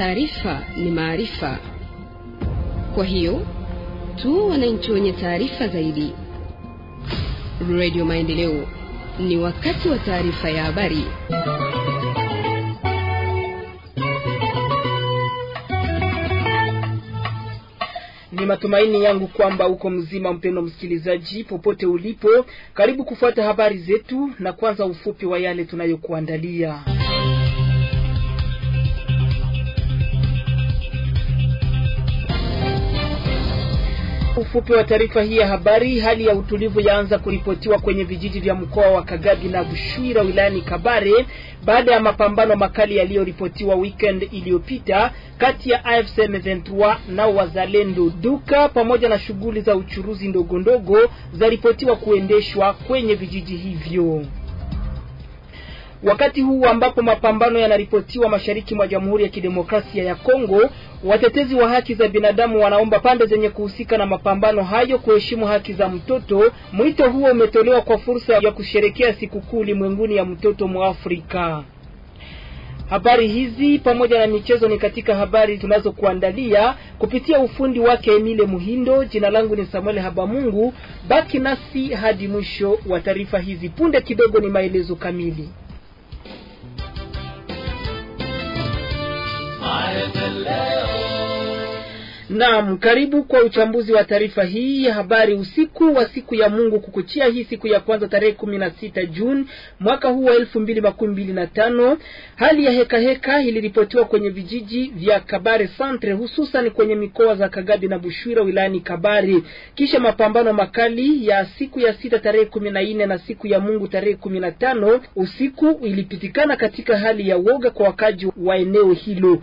Taarifa ni maarifa, kwa hiyo tu wananchi wenye taarifa zaidi. Radio Maendeleo, ni wakati wa taarifa ya habari. Ni matumaini yangu kwamba uko mzima mpendo msikilizaji, popote ulipo, karibu kufuata habari zetu, na kwanza ufupi wa yale tunayokuandalia. ufupi wa taarifa hii ya habari, hali ya utulivu yaanza kuripotiwa kwenye vijiji vya mkoa wa Kagabi na Bushwira wilayani Kabare baada ya mapambano makali yaliyoripotiwa weekend iliyopita kati ya AFC M23 na wazalendo. Duka pamoja na shughuli za uchuruzi ndogo ndogo zaripotiwa kuendeshwa kwenye vijiji hivyo. Wakati huu ambapo mapambano yanaripotiwa mashariki mwa Jamhuri ya Kidemokrasia ya Kongo, watetezi wa haki za binadamu wanaomba pande zenye kuhusika na mapambano hayo kuheshimu haki za mtoto. Mwito huo umetolewa kwa fursa ya kusherekea sikukuu ulimwenguni ya mtoto mwa afrika Habari hizi pamoja na michezo ni katika habari tunazokuandalia kupitia ufundi wake Emile Muhindo. Jina langu ni Samuel Habamungu, baki nasi hadi mwisho wa taarifa hizi. Punde kidogo ni maelezo kamili. I've Haydi leo. Naam, karibu kwa uchambuzi wa taarifa hii ya habari usiku wa siku ya Mungu kukuchia hii siku ya kwanza tarehe kumi sita Juni mwaka huu wa elfu mbili makumi mbili na tano. Hali ya heka heka iliripotiwa kwenye vijiji vya Kabare Centre hususan kwenye mikoa za Kagadi na Bushwira wilayani Kabare kisha mapambano makali ya siku ya sita tarehe kumi na na siku ya Mungu tarehe kumi tano usiku ilipitikana katika hali ya woga kwa wakaji wa eneo hilo.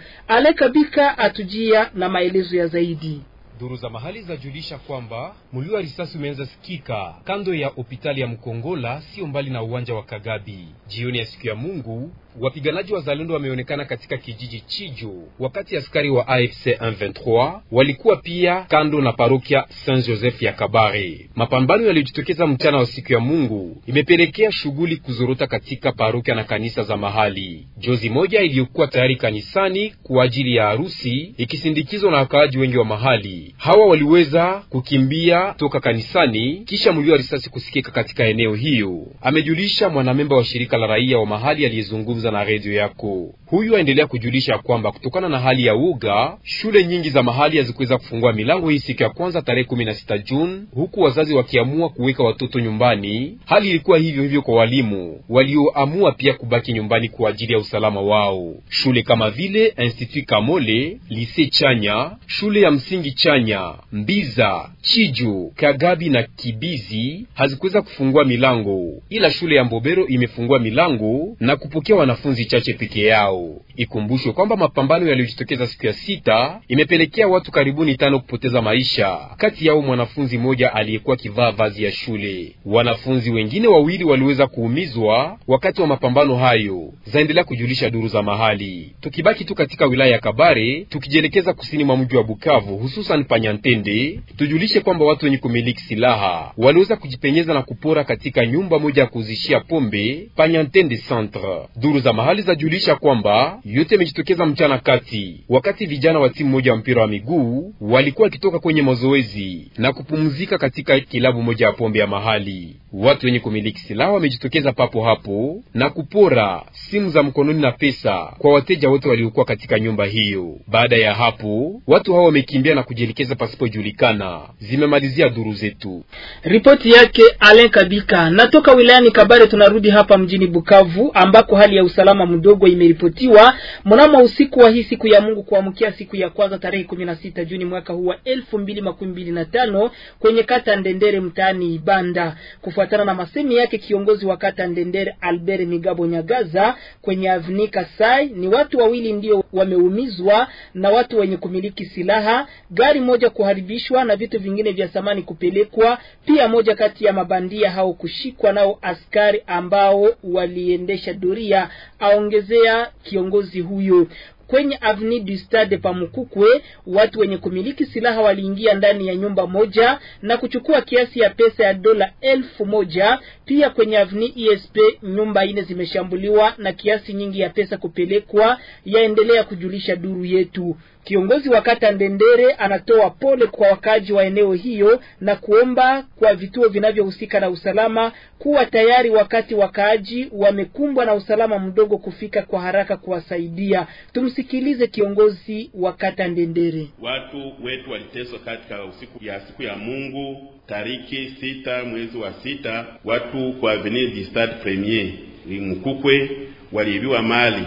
Bika atujia na maelezo ya zaidi zaidi. Duru za mahali zajulisha kwamba mlio wa risasi umeanza sikika kando ya hospitali ya Mkongola, sio mbali na uwanja wa Kagabi. Jioni ya siku ya Mungu wapiganaji wa zalendo wameonekana katika kijiji Chijo, wakati askari wa AFC 23 walikuwa pia kando na parokia Saint Joseph ya Kabare. Mapambano yaliyojitokeza mchana wa siku ya Mungu imepelekea shughuli kuzorota katika parokia na kanisa za mahali. Jozi moja iliyokuwa tayari kanisani kwa ajili ya harusi ikisindikizwa na wakaaji wengi wa mahali, hawa waliweza kukimbia toka kanisani kisha mlio wa risasi kusikika katika eneo hiyo, amejulisha mwanamemba wa shirika la raia wa mahali aliyezungumza kuzungumza na redio yako. Huyu aendelea kujulisha kwamba kutokana na hali ya uga, shule nyingi za mahali hazikuweza kufungua milango hii siku ya kwanza tarehe 16 Juni, huku wazazi wakiamua kuweka watoto nyumbani. Hali ilikuwa hivyo hivyo kwa walimu walioamua pia kubaki nyumbani kwa ajili ya usalama wao. Shule kama vile Institut Kamole, Lise Chanya, shule ya msingi Chanya, Mbiza, Chijo, Kagabi na Kibizi hazikuweza kufungua milango, ila shule ya Mbobero imefungua milango na kupokea wana wanafunzi chache peke yao. Ikumbushwe kwamba mapambano yaliyojitokeza siku ya sita imepelekea watu karibuni tano kupoteza maisha, kati yao mwanafunzi mmoja aliyekuwa akivaa vazi ya shule. Wanafunzi wengine wawili waliweza kuumizwa wakati wa mapambano hayo, zaendelea kujulisha duru za mahali. Tukibaki tu katika wilaya ya Kabare, tukijielekeza kusini mwa mji wa Bukavu, hususan Panyantende, tujulishe kwamba watu wenye kumiliki silaha waliweza kujipenyeza na kupora katika nyumba moja ya kuuzishia pombe Panyantende Centre. Duru za mahali zajulisha kwamba yote yamejitokeza mchana kati, wakati vijana wa timu moja wa mpira wa miguu walikuwa wakitoka kwenye mazoezi na kupumzika katika kilabu moja ya pombe ya mahali. Watu wenye kumiliki silaha wamejitokeza papo hapo na kupora simu za mkononi na pesa kwa wateja wote waliokuwa katika nyumba hiyo. Baada ya hapo, watu hao wamekimbia na kujielekeza pasipojulikana, zimemalizia duru zetu. Ripoti yake Alen Kabika. Natoka wilayani Kabare, tunarudi hapa mjini Bukavu ambako hali ya usalama mdogo imeripotiwa mnamo usiku wa hii siku ya Mungu kuamkia siku ya kwanza tarehe 16 Juni mwaka huu wa 2025 kwenye kata Ndendere mtaani Ibanda. Kufuatana na masemi yake kiongozi wa kata Ndendere Albert Migabo Nyagaza kwenye Avnika Sai, ni watu wawili ndio wameumizwa na watu wenye kumiliki silaha, gari moja kuharibishwa na vitu vingine vya samani kupelekwa, pia moja kati ya mabandia hao kushikwa nao askari ambao waliendesha doria, aongezea kiongozi kiongozi huyo kwenye Avenue du Stade Pamukukwe, watu wenye kumiliki silaha waliingia ndani ya nyumba moja na kuchukua kiasi ya pesa ya dola elfu moja. Pia kwenye Avenue ESP nyumba ine zimeshambuliwa na kiasi nyingi ya pesa kupelekwa, yaendelea kujulisha duru yetu. Kiongozi wa kata Ndendere anatoa pole kwa wakaji wa eneo hiyo na kuomba kwa vituo vinavyohusika na usalama kuwa tayari wakati wakaaji wamekumbwa na usalama mdogo kufika kwa haraka kuwasaidia Tums Tumsikilize kiongozi wa kata Ndendere. Watu wetu waliteswa katika usiku ya siku ya Mungu tariki sita mwezi wa sita, watu kwa Avenue du Stade Premier Mkukwe waliibiwa mali.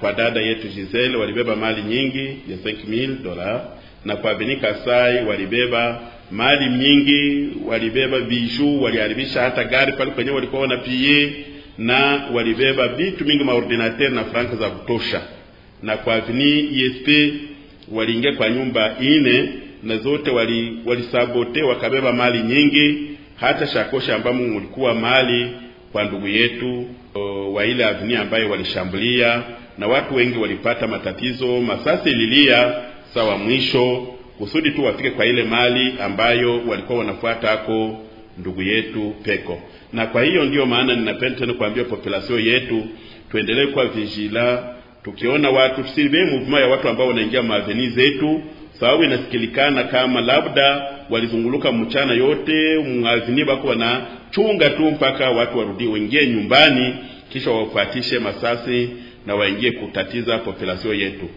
Kwa dada yetu Giselle walibeba mali nyingi ya 5000 dola, na kwa Avenue Kasai walibeba mali nyingi, walibeba bijou, waliharibisha hata gari pale kwenye walikuwa wanapie, na walibeba vitu mingi, maordinateur na franka za kutosha na kwa Avni ESP waliingia kwa nyumba ine na zote wali walisabote wakabeba mali nyingi, hata shakosha ambamo ulikuwa mali kwa ndugu yetu o, wa ile Avni ambayo walishambulia, na watu wengi walipata matatizo. Masasi ililia sawa mwisho kusudi tu wafike kwa ile mali ambayo walikuwa wanafuata hako ndugu yetu Peko. Na kwa hiyo ndiyo maana ninapenda tena kuambia population yetu tuendelee kuwa vigila tukiona watu tusiwe mvuma ya watu ambao wanaingia maaveni zetu, sababu inasikilikana kama labda walizunguluka mchana yote mwazini bako wanachunga tu mpaka watu warudi waingie nyumbani, kisha wafuatishe masasi na waingie kutatiza populasio yetu.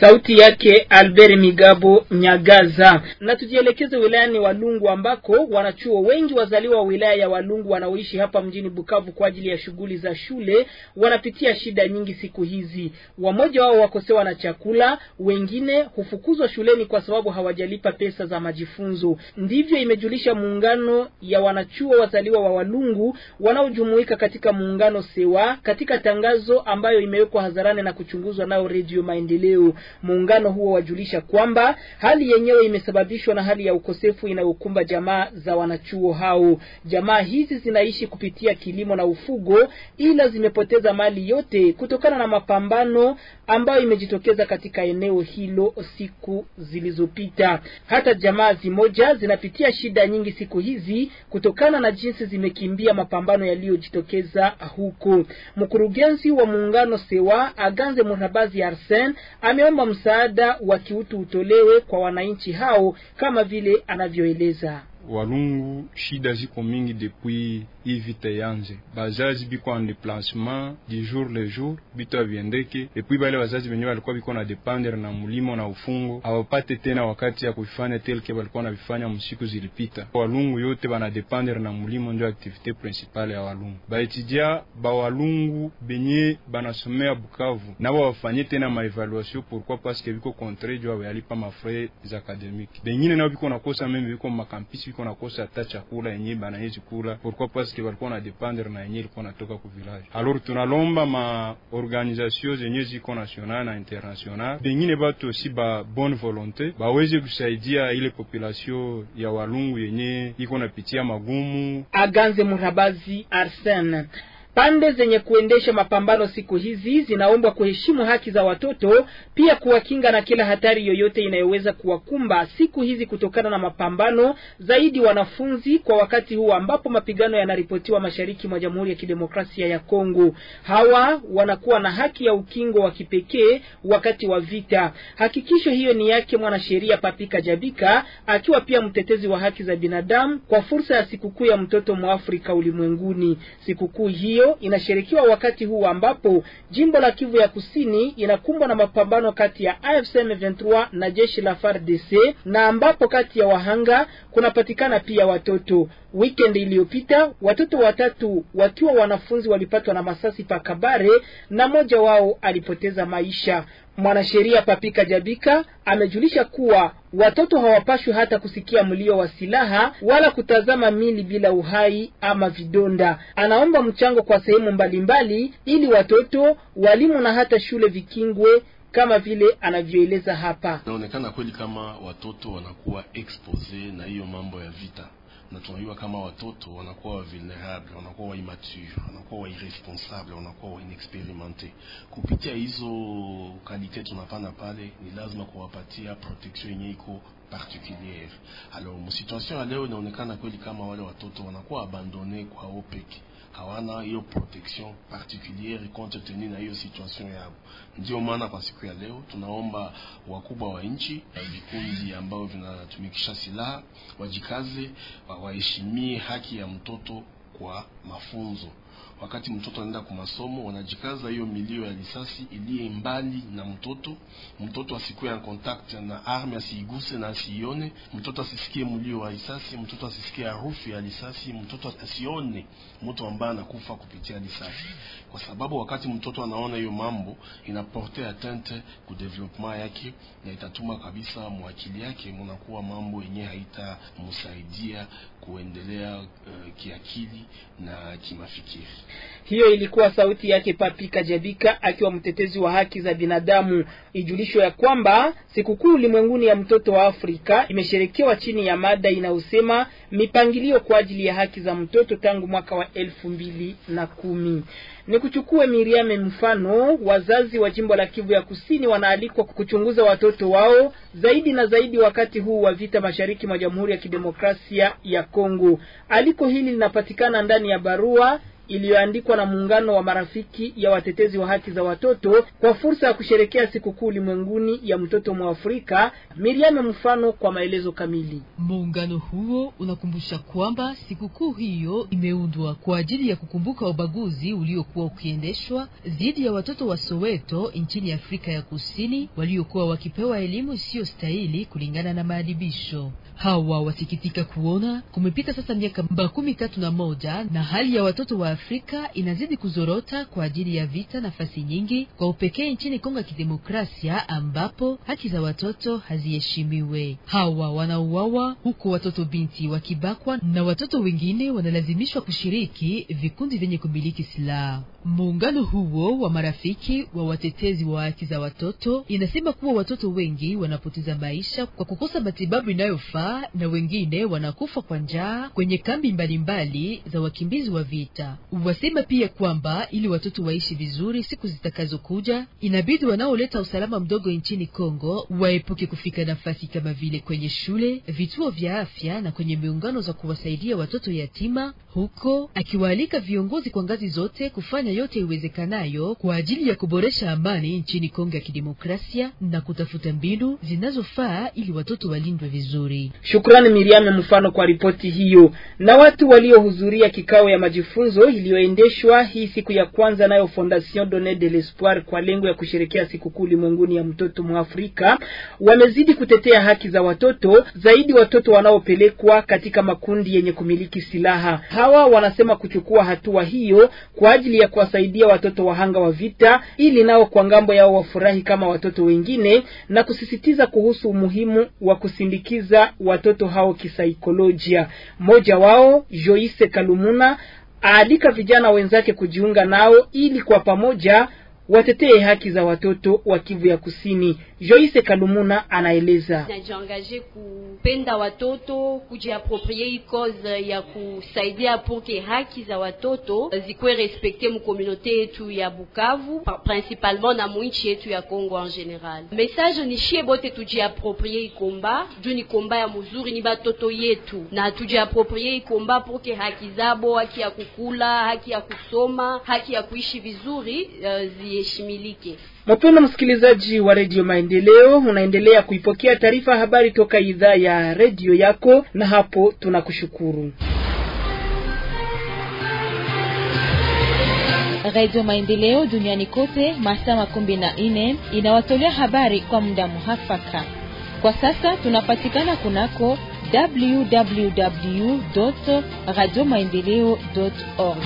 Sauti yake Albert Migabo Nyagaza. Na tujielekeze wilayani Walungu ambako wanachuo wengi wazaliwa wa wilaya ya Walungu wanaoishi hapa mjini Bukavu kwa ajili ya shughuli za shule wanapitia shida nyingi siku hizi. Wamoja wao wakosewa na chakula, wengine hufukuzwa shuleni kwa sababu hawajalipa pesa za majifunzo. Ndivyo imejulisha muungano ya wanachuo wazaliwa wa Walungu wanaojumuika katika muungano Sewa katika tangazo ambayo imewekwa hadharani na kuchunguzwa nao Radio Maendeleo. Muungano huo wajulisha kwamba hali yenyewe imesababishwa na hali ya ukosefu inayokumba jamaa za wanachuo hao. Jamaa hizi zinaishi kupitia kilimo na ufugo, ila zimepoteza mali yote kutokana na mapambano ambayo imejitokeza katika eneo hilo siku zilizopita. Hata jamaa zimoja zinapitia shida nyingi siku hizi kutokana na jinsi zimekimbia mapambano yaliyojitokeza huko. Mkurugenzi wa muungano Sewa Aganze Murabazi Arsen ameona kwamba msaada wa kiutu utolewe kwa wananchi hao kama vile anavyoeleza. Walungu shida ziko mingi depuis ivita yanze, bazazi biko en déplacement du jour le jour bito aviendeke, epui bale bazazi benye balikuwa biko na dépendre na mulimo na ufungo awapate tena wakati ya kuifanya telke balikuwa vifanya msiku zilipita. Walungu yote bana dépendre na mulimo, ndio activité principale ya walungu. Baetudia ba walungu benye banasomea Bukavu nabo bafanye tena évaluation, pourquoi parce que biko contraire jwa bayalipa mafrais académiques, bengine nao biko nakosa meme biko makampisi biko nakosa hata chakula yenye banaizi kula pourquoi paske que walikuwa na dependre na yenye ilikuwa natoka ku village. Alors tunalomba ma organisation zenye ziko national na international, bengine batu osi ba bonne volonté baweze kusaidia ile population ya walungu yenye iko napitia magumu. Aganze Murabazi Arsene Pande zenye kuendesha mapambano siku hizi zinaombwa kuheshimu haki za watoto, pia kuwakinga na kila hatari yoyote inayoweza kuwakumba siku hizi kutokana na mapambano, zaidi wanafunzi, kwa wakati huu ambapo mapigano yanaripotiwa mashariki mwa Jamhuri ya Kidemokrasia ya Kongo. Hawa wanakuwa na haki ya ukingo wa kipekee wakati wa vita. Hakikisho hiyo ni yake mwanasheria Papika Jabika, akiwa pia mtetezi wa haki za binadamu kwa fursa ya sikukuu ya mtoto Afrika ulimwenguni. Sikukuu hiyo hiyo inasherekiwa wakati huu ambapo jimbo la Kivu ya Kusini inakumbwa na mapambano kati ya AFC M23 na jeshi la FARDC na ambapo kati ya wahanga kunapatikana pia watoto. Weekend iliyopita watoto watatu wakiwa wanafunzi walipatwa na masasi pa Kabare na mmoja wao alipoteza maisha. Mwanasheria Papika Jabika amejulisha kuwa watoto hawapashwi hata kusikia mlio wa silaha wala kutazama mili bila uhai ama vidonda. Anaomba mchango kwa sehemu mbalimbali ili watoto, walimu na hata shule vikingwe kama vile anavyoeleza hapa. Inaonekana kweli kama watoto wanakuwa expose na hiyo mambo ya vita na tunajua kama watoto wanakuwa vulnerable, wanakuwa wa immature, wanakuwa wa irresponsable, wanakuwa wa inexperimente. Kupitia hizo kalite tunapana pale, ni lazima kuwapatia protection yenye iko particuliere. Alors mu situation ya leo inaonekana kweli kama wale watoto wanakuwa abandone kwa peke hawana hiyo protection particuliere contre tenu na hiyo situation yao. Ndio maana kwa siku ya leo tunaomba wakubwa wa nchi na vikundi ambao vinatumikisha silaha wajikaze, waheshimie haki ya mtoto kwa mafunzo wakati mtoto anaenda kwa masomo, wanajikaza hiyo milio ya risasi iliye mbali na mtoto. Mtoto asikue en contact na arme, asiiguse na asiione. Mtoto asisikie mlio wa risasi, mtoto asisikie harufu ya risasi, mtoto asione mtu ambaye anakufa kupitia risasi, kwa sababu wakati mtoto anaona hiyo mambo inaporte atente ku development yake, na itatuma kabisa mwakili yake mnakuwa mambo yenye haitamsaidia kuendelea uh, kiakili na kimafikiri. Hiyo ilikuwa sauti yake Papi Kajabika akiwa mtetezi wa haki za binadamu. ijulisho ya kwamba sikukuu ulimwenguni ya mtoto wa Afrika imesherekewa chini ya mada inayosema mipangilio kwa ajili ya haki za mtoto tangu mwaka wa elfu mbili na kumi. Ni kuchukue Miriame mfano, wazazi wa jimbo la Kivu ya Kusini wanaalikwa kuchunguza watoto wao zaidi na zaidi wakati huu wa vita mashariki mwa Jamhuri ya Kidemokrasia ya Kongo. Aliko hili linapatikana ndani ya barua iliyoandikwa na muungano wa marafiki ya watetezi wa haki za watoto kwa fursa ya kusherekea sikukuu ulimwenguni ya mtoto afrika Miriam mfano kwa maelezo kamili. Muungano huo unakumbusha kwamba sikukuu hiyo imeundwa kwa ajili ya kukumbuka ubaguzi uliokuwa ukiendeshwa dhidi ya watoto wa Soweto nchini Afrika ya Kusini waliokuwa wakipewa elimu stahili kulingana na maadibisho. Hawa wasikitika kuona kumepita sasa miaka makumi tatu na moja na hali ya watoto wa Afrika inazidi kuzorota kwa ajili ya vita nafasi nyingi, kwa upekee nchini Kongo ya Kidemokrasia ambapo haki za watoto haziheshimiwe. Hawa wanauawa huku watoto binti wakibakwa na watoto wengine wanalazimishwa kushiriki vikundi vyenye kumiliki silaha. Muungano huo wa marafiki wa watetezi wa haki za watoto inasema kuwa watoto wengi wanapoteza maisha kwa kukosa matibabu inayofaa na wengine wanakufa kwa njaa kwenye kambi mbalimbali mbali za wakimbizi wa vita. Wasema pia kwamba ili watoto waishi vizuri siku zitakazokuja, inabidi wanaoleta usalama mdogo nchini Kongo waepuke kufika nafasi kama vile kwenye shule, vituo vya afya na kwenye miungano za kuwasaidia watoto yatima, huko akiwaalika viongozi kwa ngazi zote kufanya yote iwezekanayo kwa ajili ya kuboresha amani nchini Kongo ya Kidemokrasia na kutafuta mbinu zinazofaa ili watoto walindwe vizuri. Shukrani Miriam mfano kwa ripoti hiyo. Na watu waliohudhuria kikao ya majifunzo iliyoendeshwa hii siku ya kwanza nayo Fondation Donne de l'Espoir kwa lengo ya kusherekea sikukuu limwenguni ya mtoto Mwafrika wamezidi kutetea haki za watoto, zaidi watoto wanaopelekwa katika makundi yenye kumiliki silaha. Hawa wanasema kuchukua hatua hiyo kwa ajili ya kwa kuwasaidia watoto wahanga wa vita ili nao kwa ngambo yao wafurahi kama watoto wengine, na kusisitiza kuhusu umuhimu wa kusindikiza watoto hao kisaikolojia. Mmoja wao Joyce Kalumuna aalika vijana wenzake kujiunga nao ili kwa pamoja watetee haki za watoto wa Kivu ya Kusini. Joyce Kalumuna anaeleza, najiangaje kupenda watoto kujiaproprie cause ya kusaidia poke haki za watoto zikuwe respekte mukomunote yetu ya Bukavu principalement na mwinchi yetu ya Kongo en general. Message ni shie bote tujiaproprie hii komba juu ni komba ya muzuri, ni batoto yetu na tujiaproprie hii komba poke haki zabo, haki ya kukula, haki ya kusoma, haki ya kuishi vizuri uh, zi iheshimilike. Mpendo msikilizaji wa redio Maendeleo, unaendelea kuipokea taarifa habari toka idhaa ya redio yako, na hapo tunakushukuru. Redio Maendeleo duniani kote masaa makumi na nne inawatolea habari kwa muda muhafaka. Kwa sasa tunapatikana kunako www radio maendeleo org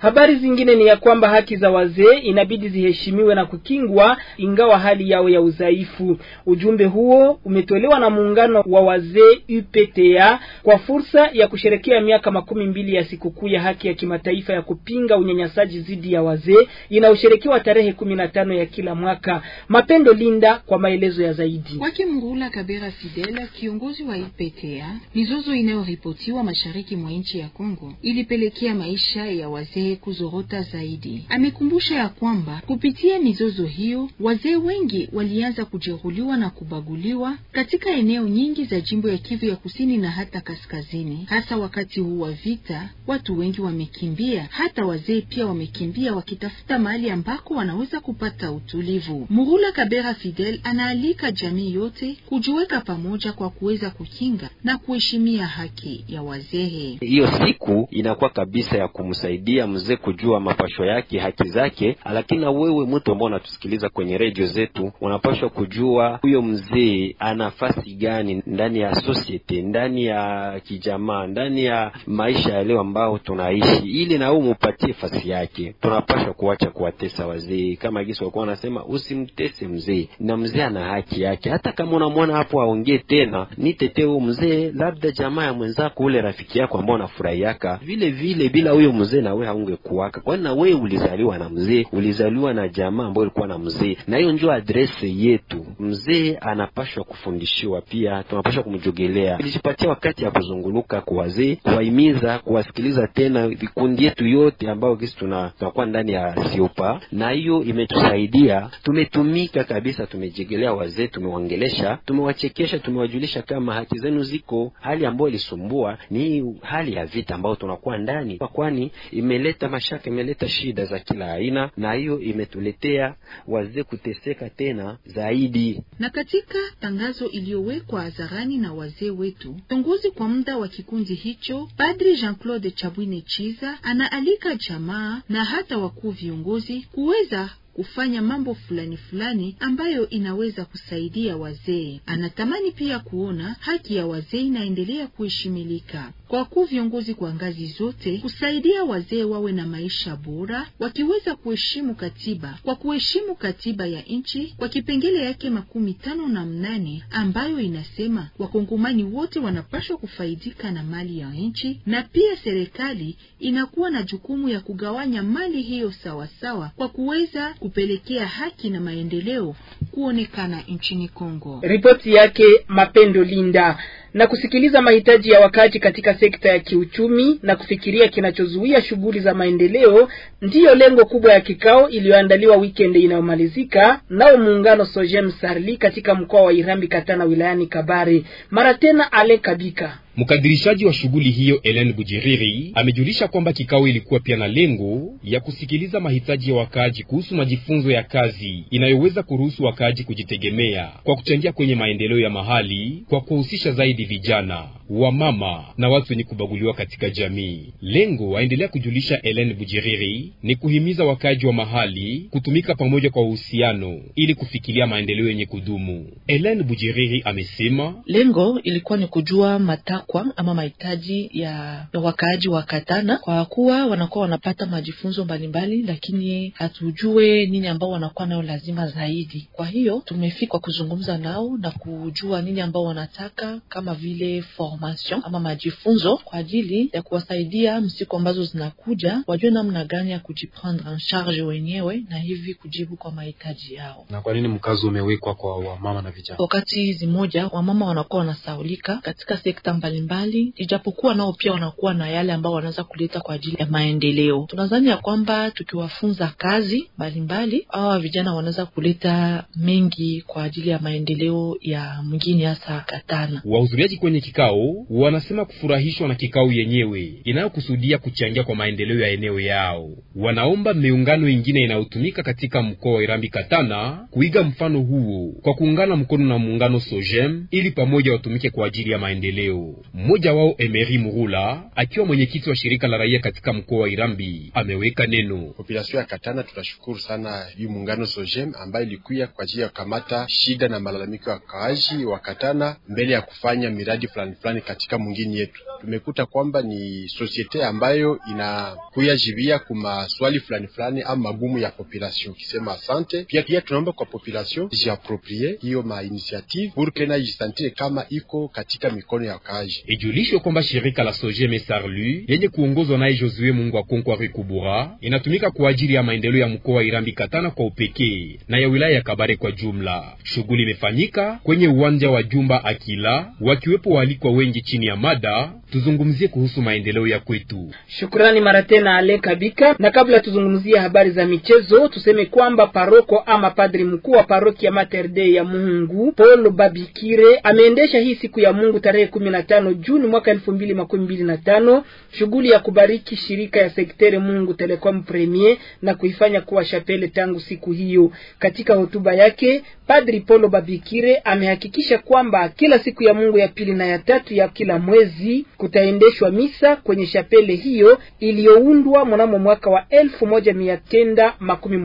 Habari zingine ni ya kwamba haki za wazee inabidi ziheshimiwe na kukingwa ingawa hali yao ya udhaifu. Ujumbe huo umetolewa na muungano wa wazee UPTA kwa fursa ya kusherekea miaka makumi mbili ya sikukuu ya haki ya kimataifa ya kupinga unyanyasaji dhidi ya wazee inayosherekewa tarehe kumi na tano ya kila mwaka. Mapendo Linda kwa maelezo ya zaidi. Kwake Mngula Kabera Fidel, kiongozi wa UPTA, mizozo inayoripotiwa mashariki mwa nchi ya Kongo ilipelekea maisha ya wazee kuzorota zaidi. Amekumbusha ya kwamba kupitia mizozo hiyo wazee wengi walianza kujeruhiwa na kubaguliwa katika eneo nyingi za jimbo ya Kivu ya Kusini na hata kaskazini. Hasa wakati huu wa vita, watu wengi wamekimbia, hata wazee pia wamekimbia wakitafuta mahali ambako wanaweza kupata utulivu. Murula Kabera Fidel anaalika jamii yote kujiweka pamoja kwa kuweza kukinga na kuheshimia haki ya wazee. Hiyo siku inakuwa kabisa ya kumsaidia tuweze kujua mapasho yake, haki zake. Lakini na wewe mtu ambao unatusikiliza kwenye redio zetu, unapashwa kujua huyo mzee ana nafasi gani ndani ya society, ndani ya kijamaa, ndani ya maisha ya leo ambao tunaishi, ili na wewe mupatie fasi yake. Tunapashwa kuacha kuwatesa wazee, kama gisi walikuwa wanasema, usimtese mzee, na mzee ana haki yake. Hata kama unamwona hapo aongee tena, nitetee huyo mzee, labda jamaa ya mwenzako, ule rafiki yako ambao unafurahiaka vile vile, bila huyo mzee na wewe haunge kuwaka, kwani na wewe ulizaliwa na mzee, ulizaliwa na jamaa ambayo ilikuwa na mzee, na hiyo ndio adrese yetu. Mzee anapashwa kufundishiwa, pia tunapashwa kumjogelea. Ilijipatia wakati ya kuzunguluka kwa wazee, kuwahimiza, kuwasikiliza, tena vikundi yetu yote ambayo kisi tunakuwa ndani ya siopa, na hiyo imetusaidia. Tumetumika kabisa, tumejegelea wazee, tumewaongelesha, tumewachekesha, tumewajulisha kama haki zenu ziko. Hali ambayo ilisumbua ni hali ya vita ambayo tunakuwa ndani, kwani imeleta Tamasha imeleta shida za kila aina, na hiyo imetuletea wazee kuteseka tena zaidi. Na katika tangazo iliyowekwa hadharani na wazee wetu, kiongozi kwa muda wa kikundi hicho Padri Jean-Claude Chabwine Chiza anaalika jamaa na hata wakuu viongozi kuweza kufanya mambo fulani fulani ambayo inaweza kusaidia wazee. Anatamani pia kuona haki ya wazee inaendelea kuheshimilika kwa kuu viongozi kwa ngazi zote kusaidia wazee wawe na maisha bora, wakiweza kuheshimu katiba kwa kuheshimu katiba ya nchi kwa kipengele yake makumi tano na mnane ambayo inasema wakongomani wote wanapashwa kufaidika na mali ya nchi, na pia serikali inakuwa na jukumu ya kugawanya mali hiyo sawasawa kwa kuweza kupelekea haki na maendeleo kuonekana nchini Kongo. Ripoti yake Mapendo Linda na kusikiliza mahitaji ya wakati katika sekta ya kiuchumi na kufikiria kinachozuia shughuli za maendeleo ndiyo lengo kubwa ya kikao iliyoandaliwa weekend inayomalizika nao muungano Sojem Sarli katika mkoa wa Irambi Katana wilayani Kabare. Mara tena Ale Kabika Mkadirishaji wa shughuli hiyo Ellen Bujiriri amejulisha kwamba kikao ilikuwa pia na lengo ya kusikiliza mahitaji ya wakaaji kuhusu majifunzo ya kazi inayoweza kuruhusu wakaaji kujitegemea kwa kuchangia kwenye maendeleo ya mahali kwa kuhusisha zaidi vijana, wamama na watu wenye kubaguliwa katika jamii. Lengo, aendelea kujulisha Ellen Bujiriri, ni kuhimiza wakaaji wa mahali kutumika pamoja kwa uhusiano ili kufikiria maendeleo yenye kudumu. Ellen Bujiriri amesema lengo ilikuwa ni kujua mata kwa ama mahitaji ya, ya wakaaji wa Katana, kwa kuwa wanakuwa wanapata majifunzo mbalimbali, lakini hatujue nini ambao wanakuwa nayo lazima zaidi. Kwa hiyo tumefika kuzungumza nao na kujua nini ambao wanataka kama vile formation ama majifunzo kwa ajili ya kuwasaidia msiku ambazo zinakuja, wajue namna gani ya kujiprendre en charge wenyewe na hivi kujibu kwa mahitaji yao. Na kwa nini mkazo umewekwa kwa wamama na vijana? Wakati moja wamama wanakuwa wanasaulika katika sekta mbalimbali, ijapokuwa nao pia wanakuwa na yale ambao wanaweza kuleta kwa ajili ya maendeleo. Tunadhani ya kwamba tukiwafunza kazi mbalimbali, hawa vijana wanaweza kuleta mengi kwa ajili ya maendeleo ya mjini, hasa Katana. Wahudhuriaji kwenye kikao wanasema kufurahishwa na kikao yenyewe inayokusudia kuchangia kwa maendeleo ya eneo yao. Wanaomba miungano ingine inayotumika katika mkoa wa Irambi Katana kuiga mfano huo kwa kuungana mkono na muungano Sojem ili pamoja watumike kwa ajili ya maendeleo. Mmoja wao emery Murula, akiwa mwenyekiti wa shirika la raia katika mkoa wa Irambi, ameweka neno populasion ya Katana. Tunashukuru sana hii muungano Sojem ambayo ilikuya kwa ajili ya kukamata shida na malalamiko ya wakaaji wa Katana mbele ya kufanya miradi fulani fulani katika mwingine yetu tumekuta kwamba ni sosiete ambayo inakuya jibia kumaswali fulani fulani ama magumu ya population. Kisema asante pia pia, tunaomba kwa population jiaproprie hiyo ma initiative pour que na jisantire kama iko katika mikono ya wakaaji uponyaji. Ijulishwe kwamba shirika la Soje Mesarlu yenye kuongozwa naye Josue Mungu wa Konkwa Rekubura inatumika kwa ajili ya maendeleo ya mkoa wa Irambi Katana kwa upekee na ya wilaya ya Kabare kwa jumla. Shughuli imefanyika kwenye uwanja wa Jumba Akila, wakiwepo waalikwa wengi chini ya mada tuzungumzie kuhusu maendeleo ya kwetu. Shukrani mara tena Ale Kabika. Na kabla tuzungumzie habari za michezo, tuseme kwamba paroko ama padri mkuu wa parokia Mater Dei ya Mungu Paul Babikire ameendesha hii siku ya Mungu tarehe kumi na tano tano Juni mwaka elfu mbili makumi mbili na tano shughuli ya kubariki shirika ya sekteri Mungu Telecom Premier na kuifanya kuwa shapele tangu siku hiyo. Katika hotuba yake, Padri Polo Babikire amehakikisha kwamba kila siku ya Mungu ya pili na ya tatu ya kila mwezi kutaendeshwa misa kwenye shapele hiyo iliyoundwa mnamo mwaka wa elfu moja mia kenda makumi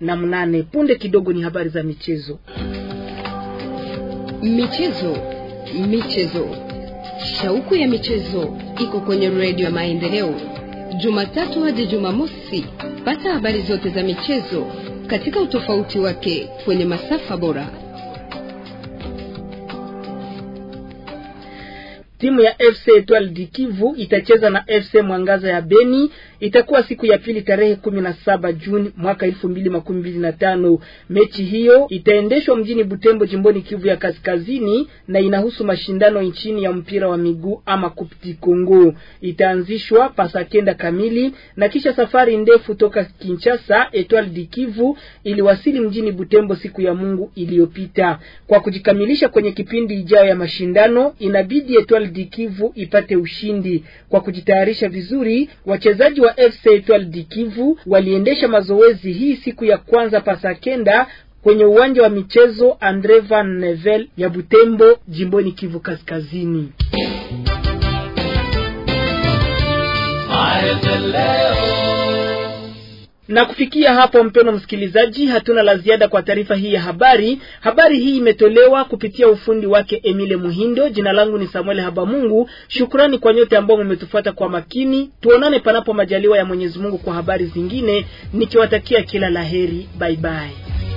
na mnane. Punde kidogo ni habari za michezo. Michezo, michezo Shauku ya michezo iko kwenye redio ya Maendeleo, Jumatatu hadi Jumamosi. Pata habari zote za michezo katika utofauti wake kwenye masafa bora. Timu ya FC Etoile du Kivu itacheza na FC Mwangaza ya Beni Itakuwa siku ya pili tarehe kumi na saba Juni mwaka elfu mbili makumi mbili na tano. Mechi hiyo itaendeshwa mjini Butembo jimboni Kivu ya Kaskazini na inahusu mashindano nchini ya mpira wa miguu ama Kupti Kongo. Itaanzishwa pasa kenda kamili na kisha safari ndefu toka Kinshasa Etoile di Kivu iliwasili mjini Butembo siku ya Mungu iliyopita. Kwa kujikamilisha kwenye kipindi ijayo ya mashindano, inabidi Etoile di Kivu ipate ushindi. Kwa kujitayarisha vizuri, wachezaji wa wa FC Etoile du Kivu waliendesha mazoezi hii siku ya kwanza pasakenda kwenye uwanja wa michezo Andre Van Nevel ya Butembo jimboni Kivu Kaskazini. Na kufikia hapo, mpeno msikilizaji, hatuna la ziada kwa taarifa hii ya habari. Habari hii imetolewa kupitia ufundi wake Emile Muhindo. Jina langu ni Samuel Habamungu. Shukrani kwa nyote ambao mmetufuata kwa makini. Tuonane panapo majaliwa ya Mwenyezi Mungu kwa habari zingine, nikiwatakia kila laheri. Bye bye.